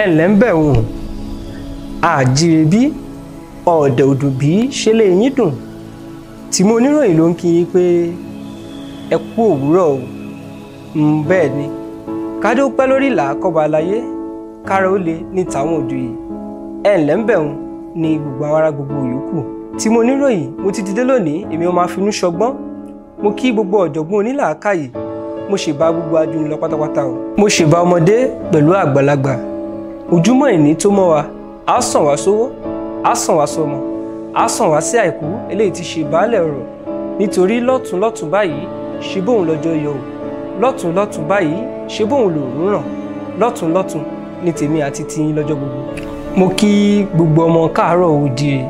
ẹ ǹlẹ́ ń bẹ̀ wọ̀n àjíire bí ọ̀dẹ̀ òdùn bí ṣe lè yín dùn tí mo níròyìn ló ń kí yín pé ẹ kú òwúrọ̀ o bẹ́ẹ̀ ni kádé ó pẹ́ lórí ìlà àkọ́bọ̀ aláyé kára ó le ní tàwọn òdù yìí ẹ ń bẹ̀ wọ̀n ni gbogbo àwọn ará gbogbo yòókù tí mo níròyìn mo ti dìde lónìí èmi ò máa ṣọgbọ́n mo kí gbogbo ọ̀jọ̀gbọ́n onílàákàyè mo ṣèbá gbogbo ajúnilọ pátápátá o mo ṣèbá ọmọdé pẹ̀lú àgbàlagbà ojúmọ́ ìní tó mọ́ wa á sàn wá sówó á sàn wá sọmọ á sàn wá sí àìkú eléyìí ti ṣe baálẹ̀ ọ̀rọ̀ nítorí lọ́tún lọ́tún báyìí ṣe bóun lọ́jọ́ yọ ò lọ́tún lọ́tún báyìí ṣe bóun lòórùn ràn lọ́tún lọ́tún ní tèmi àti tiyín lọ́jọ́ gbogbo. mo kí gbogbo ọmọ káàárọ̀ òdìrè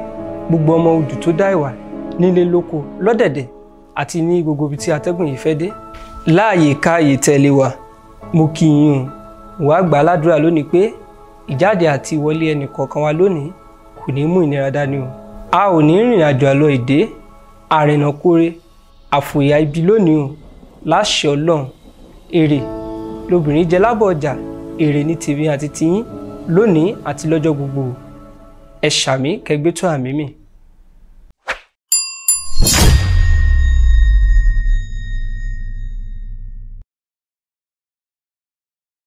gbogbo ọmọ odù tó dá ìwà nílé lóko lọ́dẹ̀dẹ̀ àti ní gbogbo ibi tí atẹ́gùn yìí fẹ́ dé. láàyè káàyè tẹ̀lé wa mo kí yín o wàá gbà á ládùúrà lónìí pé ìjáde àti ìwọlé ẹnì kọ̀ọ̀kan wa lónìí kò ní mú ìnira dání o a ò ní rìnrìn àjò àlọ ìdè àrìnà kóre àfòyà ibi lónìí o láṣẹ Ọlọ́run èrè lobìnrin jẹ lábọ̀ ọjà èrè ní tèmi àti tiyín lónìí àti lọ́jọ́ gbogbo ẹ ṣàmì kẹgbẹtọ àmì mi.